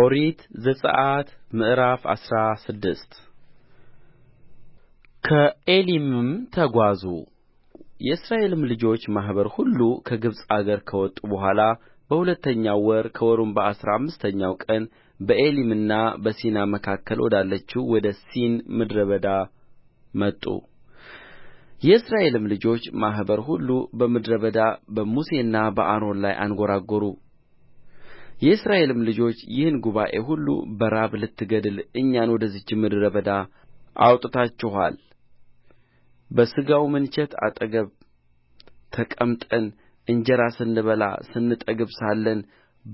ኦሪት ዘጽአት ምዕራፍ አስራ ስድስት ከኤሊምም ተጓዙ የእስራኤልም ልጆች ማኅበር ሁሉ ከግብፅ አገር ከወጡ በኋላ በሁለተኛው ወር ከወሩም በአሥራ አምስተኛው ቀን በኤሊምና በሲና መካከል ወዳለችው ወደ ሲን ምድረ በዳ መጡ የእስራኤልም ልጆች ማኅበር ሁሉ በምድረ በዳ በሙሴና በአሮን ላይ አንጐራጐሩ የእስራኤልም ልጆች ይህን ጉባኤ ሁሉ በራብ ልትገድል እኛን ወደዚች ምድረ በዳ አውጥታችኋል በሥጋው ምንቸት አጠገብ ተቀምጠን እንጀራ ስንበላ ስንጠግብ ሳለን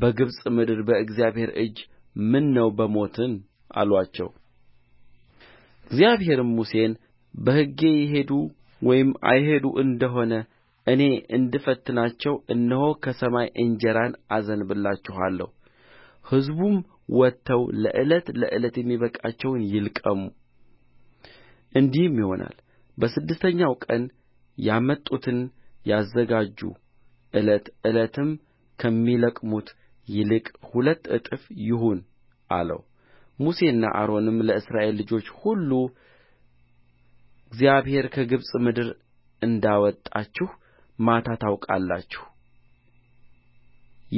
በግብፅ ምድር በእግዚአብሔር እጅ ምነው በሞትን አሉአቸው እግዚአብሔርም ሙሴን በሕጌ ይሄዱ ወይም አይሄዱ እንደ ሆነ እኔ እንድፈትናቸው እነሆ ከሰማይ እንጀራን አዘንብላችኋለሁ ሕዝቡም ወጥተው ለዕለት ለዕለት የሚበቃቸውን ይልቀሙ እንዲህም ይሆናል በስድስተኛው ቀን ያመጡትን ያዘጋጁ ዕለት ዕለትም ከሚለቅሙት ይልቅ ሁለት እጥፍ ይሁን አለው ሙሴና አሮንም ለእስራኤል ልጆች ሁሉ እግዚአብሔር ከግብፅ ምድር እንዳወጣችሁ ማታ ታውቃላችሁ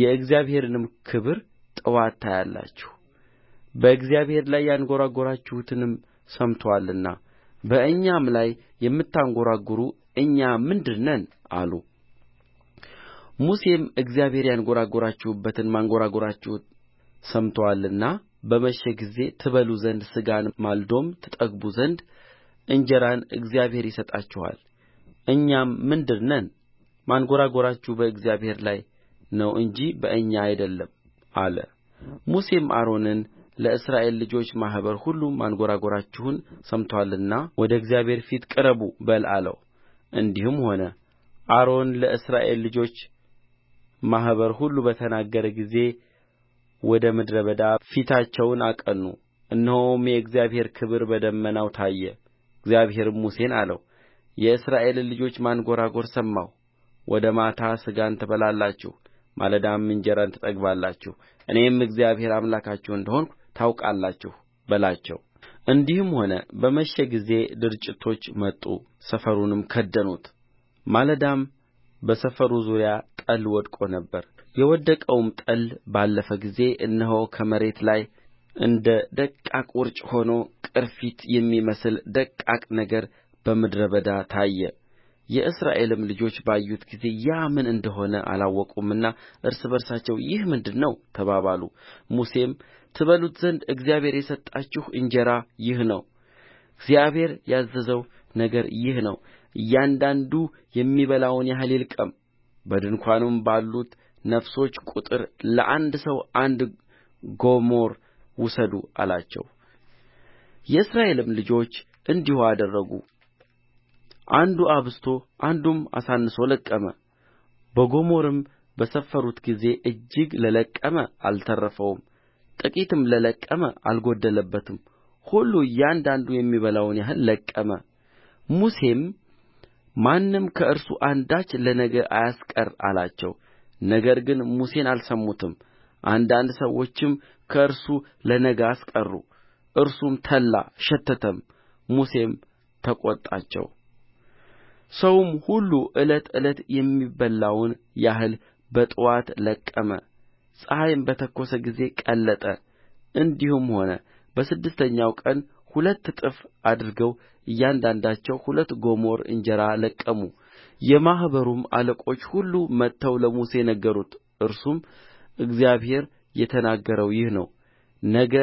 የእግዚአብሔርንም ክብር ጥዋት ታያላችሁ በእግዚአብሔር ላይ ያንጐራጐራችሁትንም ሰምቶአልና በእኛም ላይ የምታንጐራጕሩ እኛ ምንድር ነን አሉ ሙሴም እግዚአብሔር ያንጐራጐራችሁበትን ማንጐራጐራችሁን ሰምቶአልና በመሸ ጊዜ ትበሉ ዘንድ ሥጋን ማልዶም ትጠግቡ ዘንድ እንጀራን እግዚአብሔር ይሰጣችኋል እኛም ምንድር ነን ማንጐራጐራችሁ በእግዚአብሔር ላይ ነው እንጂ በእኛ አይደለም አለ ሙሴም አሮንን ለእስራኤል ልጆች ማኅበር ሁሉ ማንጐራጐራችሁን ሰምቶአልና ወደ እግዚአብሔር ፊት ቅረቡ በል አለው እንዲህም ሆነ አሮን ለእስራኤል ልጆች ማኅበር ሁሉ በተናገረ ጊዜ ወደ ምድረ በዳ ፊታቸውን አቀኑ እነሆም የእግዚአብሔር ክብር በደመናው ታየ እግዚአብሔርም ሙሴን አለው የእስራኤልን ልጆች ማንጐራጐር ሰማሁ ወደ ማታ ሥጋን ትበላላችሁ ማለዳም እንጀራን ትጠግባላችሁ እኔም እግዚአብሔር አምላካችሁ እንደ ሆንሁ ታውቃላችሁ በላቸው እንዲህም ሆነ በመሸ ጊዜ ድርጭቶች መጡ ሰፈሩንም ከደኑት ማለዳም በሰፈሩ ዙሪያ ጠል ወድቆ ነበር የወደቀውም ጠል ባለፈ ጊዜ እነሆ ከመሬት ላይ እንደ ደቃቅ ውርጭ ሆኖ ቅርፊት የሚመስል ደቃቅ ነገር በምድረ በዳ ታየ የእስራኤልም ልጆች ባዩት ጊዜ ያ ምን እንደ ሆነ አላወቁምና እርስ በርሳቸው ይህ ምንድር ነው ተባባሉ ሙሴም ትበሉት ዘንድ እግዚአብሔር የሰጣችሁ እንጀራ ይህ ነው እግዚአብሔር ያዘዘው ነገር ይህ ነው እያንዳንዱ የሚበላውን ያህል ይልቀም በድንኳኑም ባሉት ነፍሶች ቍጥር ለአንድ ሰው አንድ ጎሞር ውሰዱ አላቸው የእስራኤልም ልጆች እንዲሁ አደረጉ አንዱ አብዝቶ አንዱም አሳንሶ ለቀመ በጎሞርም በሰፈሩት ጊዜ እጅግ ለለቀመ አልተረፈውም ጥቂትም ለለቀመ አልጎደለበትም ሁሉ እያንዳንዱ የሚበላውን ያህል ለቀመ ሙሴም ማንም ከእርሱ አንዳች ለነገ አያስቀር አላቸው ነገር ግን ሙሴን አልሰሙትም አንዳንድ ሰዎችም ከእርሱ ለነገ አስቀሩ እርሱም ተላ ሸተተም ሙሴም ተቈጣቸው ሰውም ሁሉ ዕለት ዕለት የሚበላውን ያህል በጥዋት ለቀመ ፀሐይም በተኰሰ ጊዜ ቀለጠ እንዲሁም ሆነ በስድስተኛው ቀን ሁለት እጥፍ አድርገው እያንዳንዳቸው ሁለት ጎሞር እንጀራ ለቀሙ የማኅበሩም አለቆች ሁሉ መጥተው ለሙሴ ነገሩት እርሱም እግዚአብሔር የተናገረው ይህ ነው ነገ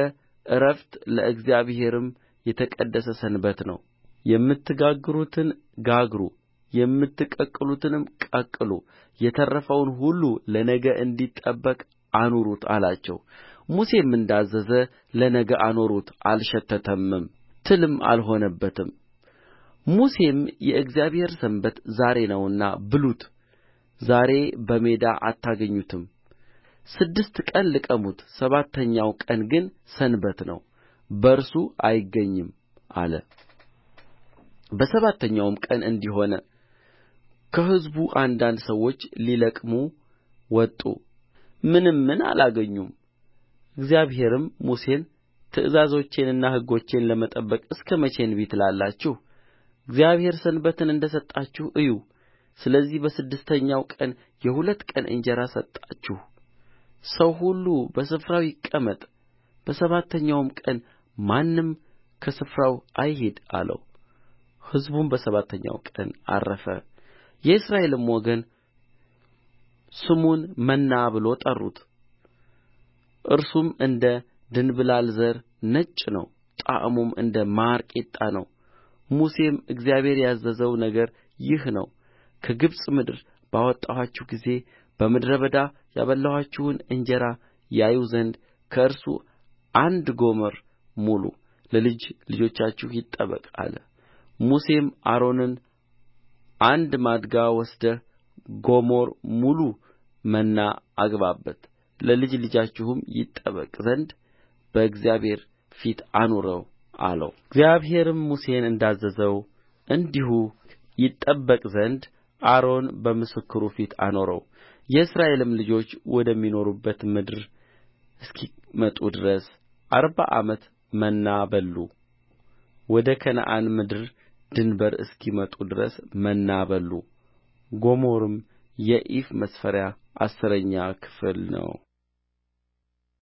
ዕረፍት ለእግዚአብሔርም የተቀደሰ ሰንበት ነው የምትጋግሩትን ጋግሩ የምትቀቅሉትንም ቀቅሉ የተረፈውን ሁሉ ለነገ እንዲጠበቅ አኑሩት አላቸው ሙሴም እንዳዘዘ ለነገ አኖሩት አልሸተተም ትልም አልሆነበትም ሙሴም የእግዚአብሔር ሰንበት ዛሬ ነውና ብሉት ዛሬ በሜዳ አታገኙትም ስድስት ቀን ልቀሙት ሰባተኛው ቀን ግን ሰንበት ነው በእርሱ አይገኝም አለ በሰባተኛውም ቀን እንዲህ ሆነ ከሕዝቡ አንዳንድ ሰዎች ሊለቅሙ ወጡ ምንም ምን አላገኙም እግዚአብሔርም ሙሴን ትእዛዞቼንና ሕጎቼን ለመጠበቅ እስከ መቼ እንቢ ትላላችሁ እግዚአብሔር ሰንበትን እንደ ሰጣችሁ እዩ ስለዚህ በስድስተኛው ቀን የሁለት ቀን እንጀራ ሰጣችሁ ሰው ሁሉ በስፍራው ይቀመጥ በሰባተኛውም ቀን ማንም ከስፍራው አይሂድ አለው ሕዝቡም በሰባተኛው ቀን ዐረፈ የእስራኤልም ወገን ስሙን መና ብሎ ጠሩት እርሱም እንደ ድንብላል ዘር ነጭ ነው ጣዕሙም እንደ ማር ቂጣ ነው ሙሴም እግዚአብሔር ያዘዘው ነገር ይህ ነው ከግብፅ ምድር ባወጣኋችሁ ጊዜ በምድረ በዳ ያበላኋችሁን እንጀራ ያዩ ዘንድ ከእርሱ አንድ ጎመር ሙሉ ለልጅ ልጆቻችሁ ይጠበቅ አለ ሙሴም አሮንን አንድ ማድጋ ወስደህ ጎሞር ሙሉ መና አግባበት ለልጅ ልጃችሁም ይጠበቅ ዘንድ በእግዚአብሔር ፊት አኑረው አለው እግዚአብሔርም ሙሴን እንዳዘዘው እንዲሁ ይጠበቅ ዘንድ አሮን በምስክሩ ፊት አኖረው የእስራኤልም ልጆች ወደሚኖሩባት ምድር እስኪመጡ ድረስ አርባ ዓመት መና በሉ ወደ ከነዓን ምድር ድንበር እስኪመጡ ድረስ መና በሉ ጎሞርም የኢፍ መስፈሪያ አሥረኛ ክፍል ነው